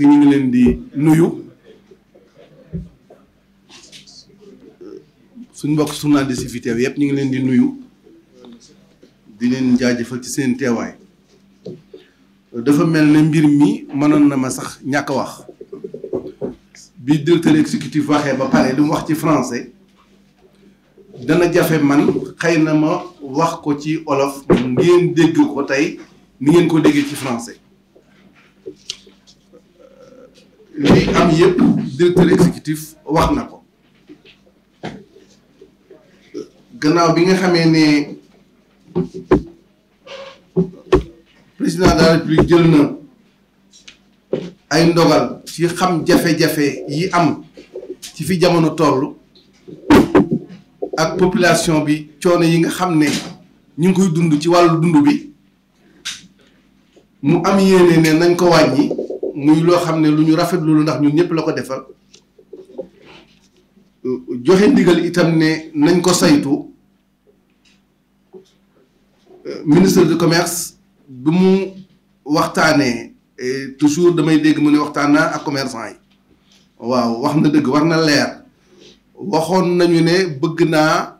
te ñu ngi leen di nuyu suñ mbokk journaliste yi fi teew yëpp ñu ngi leen di nuyu di leen jaajëfal ci seen teewaay dafa mel ne mbir mi mënoon na ma sax ñàkk wax bi directeur exécutif waxee ba pare li mu wax ci français dana jafe man xëy na ma wax ko ci olof ngeen dégg ko tey ni ngeen ko déggee ci français lii am yëpp directeur exécutif wax na ko gannaaw bi nga xamee ne président de jël na ay ndogal ci xam jafe-jafe yi am ci fi jamono toll ak population bi coono yi nga xam ne ñu ngi koy dund ci wàllu dund bi mu am yéene ne nañ ko wàññi muy loo xam ne lu ñu rafet loolu ndax ñu ñëpp la ko defal joxe ndigal itam ne nañ ko saytu ministre du commerce bi mu waxtaanee eh, toujours damay dégg mu ne waxtaan naa ak commerçant yi waaw wax na dëgg war na leer waxoon nañu ne bëgg naa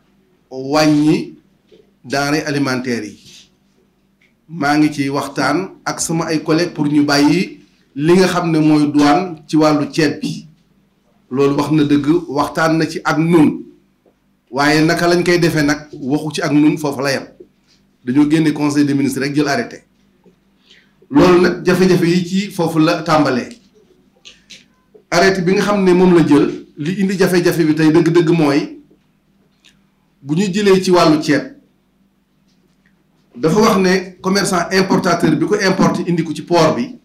wàññi denrées alimentaire yi maa ngi ci waxtaan ak sama ay collègues pour ñu bàyyi li nga xam ne mooy douane ci wàllu ceeb bi loolu wax na dëgg waxtaan na ci ak nun waaye naka lañ koy defee nag waxu ci ak nun foofu la yem dañoo génne conseil de ministres rek jël arrêté loolu nag jafe-jafe yi ci foofu la tàmbalee arrêté bi nga xam ne moom la jël li indi jafe-jafe bi tey dëgg-dëgg mooy bu ñu jëlee ci wàllu ceeb dafa wax ne commerçant importateur bi ko importe indi ko ci port bi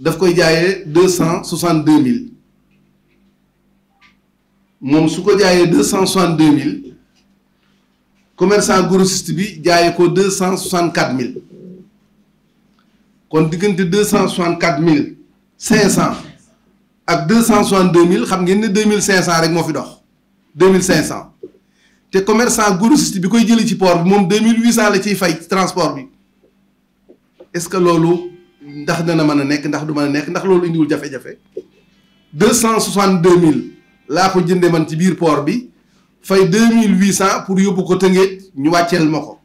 daf koy jaaye deux cent soixante deux mille moom su ko jaayee deux cent soixante deux mille commerçant grossiste bi jaaye ko deux cent soixante quatre mille kon diggante deux cent soixante quatre mille cinq cent ak deux cent soixante deux mille xam ngeen ne deux mille cinq cent rek moo fi dox deux mille cinq cent te commerçant grossiste bi koy jëli ci port bi moom deux mille huit cent la ciy fay ci transport bi est-ce que loolu. ndax dana mën a nekk ndax du mën a nekk ndax loolu indiwul jafe-jafe deux cent soixante deux mille laa ko jënde man ci biir port bi fay deux mille huit cent pour yóbbu ko Tëngéej ñu wàcceel ma ko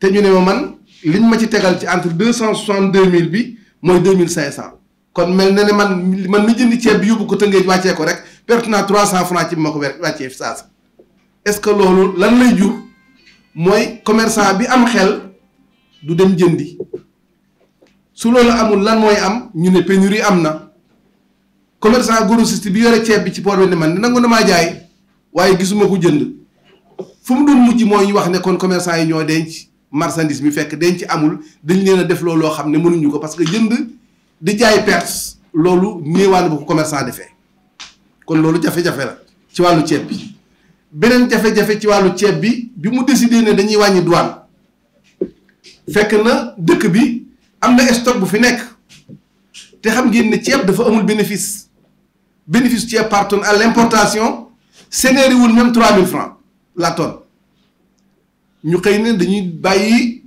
te ñu ne ma man liñ ma ci tegal ci entre deux cent soixante deux mille bi mooy deux mille cinq cent kon mel na ne man man mi jëndi ceeb bi yóbbu ko Tëngéej wàccee ko rek perte naa trois cent franc ci bi ma ko wàccee fi saas est-ce que loolu lan lay jur mooy commerçant bi am xel du dem jëndi su loolu amul lan mooy am ñu ne pénurie am na commerçant grossiste bi yore ceeb bi ci port bi ne man ne nangu na maa jaay waaye gisuma ko jënd fu mu doon mujj mooy ñu wax ne kon commerçant yi ñoo denc marchandise bi fekk denc amul dañu leen a def loolu loo xam ne mënuñu ko parce que jënd di jaay perte loolu néewaan bu ko commerçant defee kon loolu jafe-jafe la ci wàllu ceeb bi beneen jafe-jafe ci wàllu ceeb bi bi mu décidé ne dañuy wàññi douane fekk na dëkk bi am na stock bu fi nekk te xam ngeen ne ceeb dafa amul bénéfice bénéfice ceeb par tonne à l'importation sénéeriwul même 3000 francs la ton ñu xëy ne dañuy bàyyi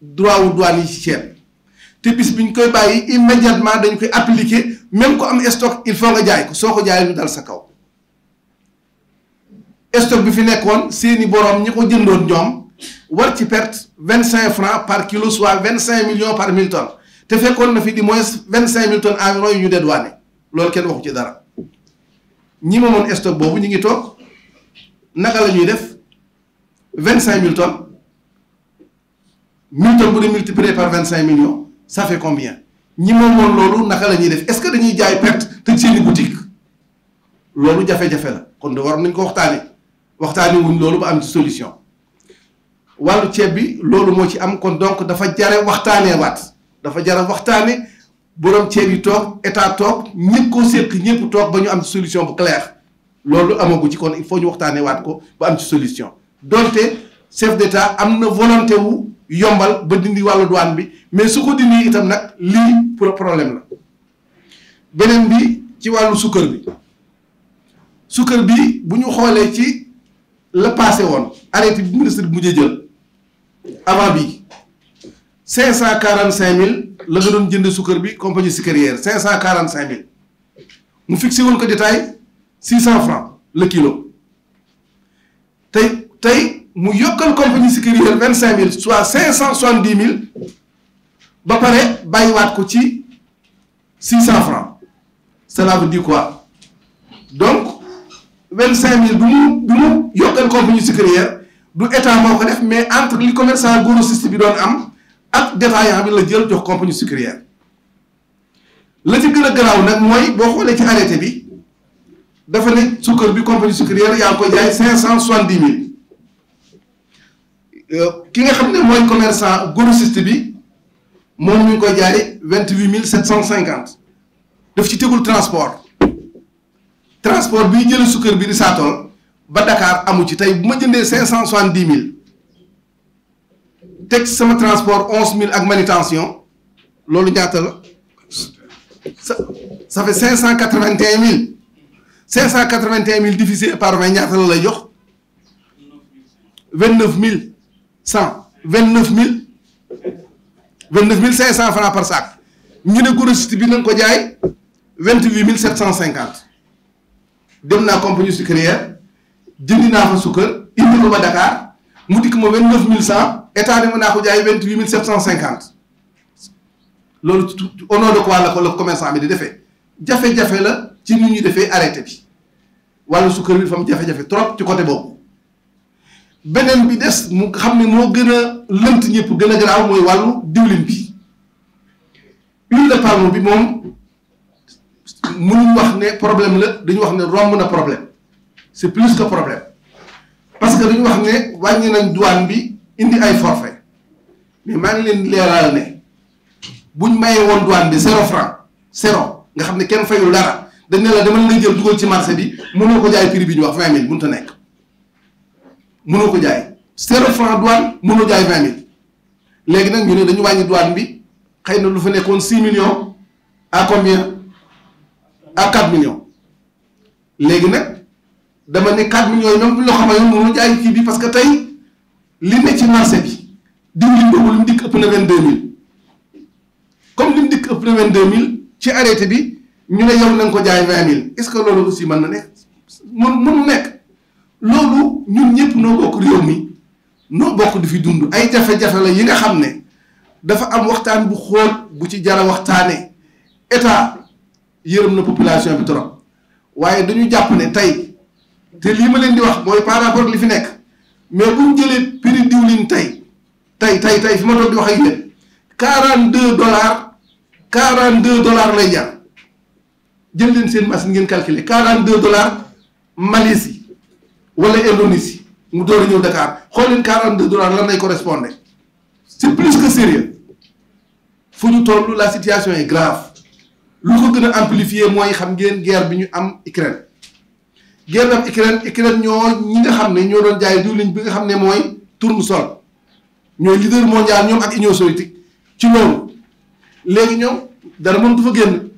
droit wu douane yi ci ceeb te bis bi ñu koy bàyyi immédiatement dañ koy appliquer même ko am stock il faut nga jaay ko soo ko jaayee ñu dal sa kaw stock bi fi nekkoon seeni boroom ñi ko jëndoon ñoom. war ci perte vingt cinq francs par kilo soit vingt cinq millions par mille te fekkoon na fi di moins vingt cinq mille tonnes environ yu ñu dédouané loolu kenn waxu ci dara ñi moomoon stock boobu ñu ngi toog naka la ñuy def vingt cinq mille tonnes mille tonnes bu dee par vingt cinq millions ça fait combien ñi moomoon loolu naka la ñuy def est-ce que dañuy jaay perte tëj seeni boutique loolu jafe-jafe la kon de war nañ ko waxtaane waxtaane wuñ loolu ba am di solution wàllu ceeb bi loolu moo ci am kon donc dafa jare waxtaanee waat dafa jare waxtaane borom ceeb yi toog état toog ñëpp ko séq ñëpp toog ba ñu am solution bu claire loolu amagu ci kon il faut ñu waxtaanee waat ko ba am ci solution donte chef d'état am na volonté wu yombal ba dindi wàllu douane bi mais su ko dindi itam nag lii pour problème la beneen bi ci wàllu sukkar bi sukkar bi bu ñu xoolee ci la passé woon arrêté bi ministre bi mujj jël avant bi cinq cent quarante cinq mille la nga doon jënd sukkar bi compagnie sucrière cinq cent quarante cinq mille mu fixé woon ko détail six cent francs le kilo tey tey mu yokkal compagnie sucrière vingt cinq mille soit cinq cent soixante dix mille ba pare bàyyiwaat ko ci six cent francs cela veut di quoi donc vingt cinq mille bi mu bi mu yokkal compagnie sucrière du état moo ko def mais entre li commerçant grossiste bi doon am ak détaillant bi la jël jox compagnie sucrière la ci gën a garaaw nag mooy boo xoolee ci arrêté bi dafa ne sukkar bi compagnie sucrière yaa ko jaay cinq cent soixante dix mille euh, ki nga xam ne mooy commerçant grossiste bi moom ñu ngi koy jaay vingt huit mille sept cent cinquante def ci tegul transport transport bi ñu jëlee sukkar bi di saatool ba dakaar amu ci tey bu ma jëndee cinq cent soixante dix mille teg sama transport onze mille ak manutention loolu ñaata la ça ça fait cinq cent quatre vingt et un mille cinq cent quatre vingt et un mille lay jox vingt cent vingt neuf mille vingt neuf mille cinq cent francs par sac ñu ne grossiste bi nañ ko jaay vingt huit mille sept cent cinquante dem naa compagnie sucrière jëndi naa fa sukkër indi lu ma Dakar mu dikk ma vingt neuf mille cent état bi ma naa ko jaay vingt huit mille sept cent cinquante loolu au nom de quoi la ko bi di defee jafe-jafe la ci ni ñuy defee arrêté bi wàllu sukkër bi fa mu jafe-jafe trop ci côté boobu beneen bi des mu xam ne moo gën a lënt ñëpp gën a garaaw mooy wàllu diwlin bi huile de palme bi moom mënuñ wax ne problème la dañu wax ne romb na problème c'est plus que problème parce que dañu wax ne wàññi nañ douane bi indi ay forfait mais maa ngi leen leeral ne buñ mayee woon douane bi zéro franc zéro nga xam ne kenn fayul dara dañ ne la dama la jël dugal ci marché bi mënoo ko jaay prix bi ñu wax vingt mille mënut a nekk mënoo ko jaay zéro franc douane mënoo jaay vingt mille léegi nag ñu ne dañu wàññi douane bi xëy na lu fa nekkoon six millions à combien à quatre millions léegi nag. dama ne 4 millions yi même bu ñu la xamayee mënul kii bi parce que tey li ne ci marché bi diwlin boobu li mu dikk ëpp na 22000 comme li mu dikk ëpp na 22000 ci arrêté bi ñu ne yow na ko jaay 20000 est ce que loolu aussi man na ne mën mu nekk loolu ñun ñëpp noo bokk réew mi noo bokk di fi dund ay jafe-jafe la yi nga xam ne dafa am waxtaan bu xool bu ci jara waxtaanee état yërëm na population bi trop waaye dañu jàpp ne tey. te lii ma leen di wax mooy par rapport li fi nekk mais bu jëlee prix diwlin tey tey tey tey fi ma doon di wax ak yéen quarante deux dollars quarante deux dollars lay jar jël leen seen machine ngeen calculer quarante deux dollars Malaisie wala Indonésie mu door a ñëw Dakar xool leen quarante deux dollars lan lay correspondre c'est plus que sérieux fu ñu toll la situation yi grave lu ko gën a amplifier mooy xam ngeen guerre bi ñu am Ukraine génnam Ukraine Ukraine ñoo ñi nga xam ne ñoo doon jaay diwlin bi nga xam ne mooy tour tournesol ñooy leader mondial ñoom ak union soviétique ci loolu léegi ñoom dara moom du fa génn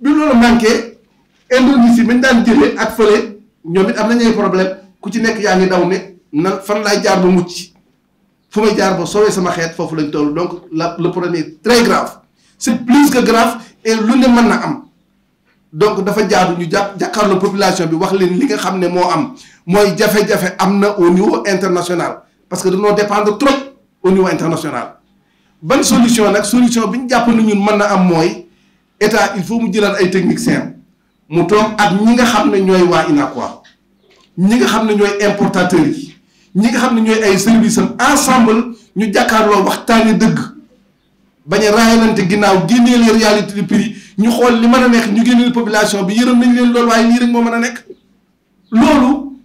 bi loolu manqué Indonésie mañ daan jëlee ak fële ñoom it am nañ ay problème ku ci nekk yaa ni daw ne na fan laay jaar ba mucc fu may jaar ba soowee sama xeet foofu lañ toll donc la le problème est très grave c'est plus que lu ne mën na am donc dafa jaadu ñu jàpp jàkkaarloo population bi wax leen li nga xam ne moo am mooy jafe-jafe am na au niveau international parce que dañoo dépendre trop au niveau international. ban solution nag solution bi ñu jàpp ne ñun mën na am mooy état il faut mu jëlaat ay techniciens mu toog ak ñi nga xam ne ñooy waa UNACOIS ñi nga xam ne ñooy importateurs yi ñi nga xam ne ñooy ay services am ensemble ñu jàkkaarloo waxtaanee dëgg bañ a raayalante ginnaaw génnee les réalités du prix. ñu xool li mën a nekk ñu génneel population bi yërëm nañ leen loolu waaye lii rek moo mën a nekk loolu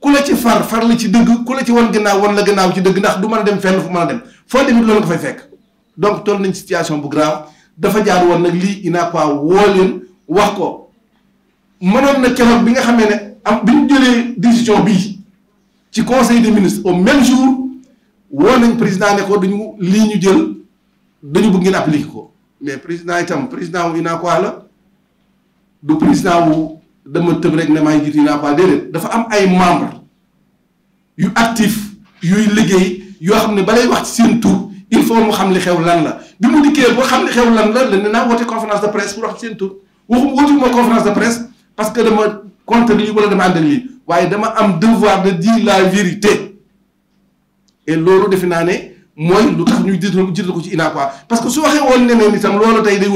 ku la ci far far la ci dëgg ku la ci wan gannaaw wan la gannaaw ci dëgg ndax du mën a dem fenn fu mën a dem foo dem loolu nga fekk donc toll nañ situation bu grave dafa jaar woon nag lii ina quoi woo leen wax ko mënoon na keroog bi nga xamee ne am bi ñu jëlee décision bii ci conseil de ministre au même jour woo nañ président ne ko dañu lii ñu jël dañu bëgg ngeen appliquer ko mais président itam président wu UNACOIS la du président wu dama tëb rek ne maay jiitu UNACOIS déedéet dafa am ay membres yu actif yuy liggéey yoo xam ne balay wax ci seen tur il faut mu xam li xew lan la bi mu dikkee boo xam li xew lan la ne naa woote conférence de presse pour wax ci seen tur waxum wootuma conférence de presse parce que dama contre lii wala dama ànd ak waaye dama am devoir de dire la vérité et loolu defe naa ne. mooy lu tax ñuy jiital jiital ko ci UNACOIS parce que su waxee woon neneen itam loolu tey day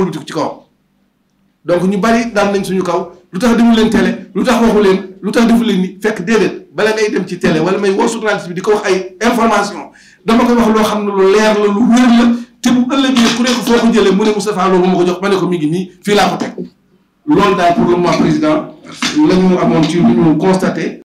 ñu bari daan nañ suñu kaw lu tax demul leen télé lu tax leen lu tax defu leen ni fekk déedéet bala ngay dem ci télé wala may woo bi di ko wax ay information dama loo xam ne lu leer la lu jëlee mu ne Moustapha loolu ma ko jox ma ne ko fii laa ko teg loolu daal pour le président la ñu amoon ci lu ñu constaté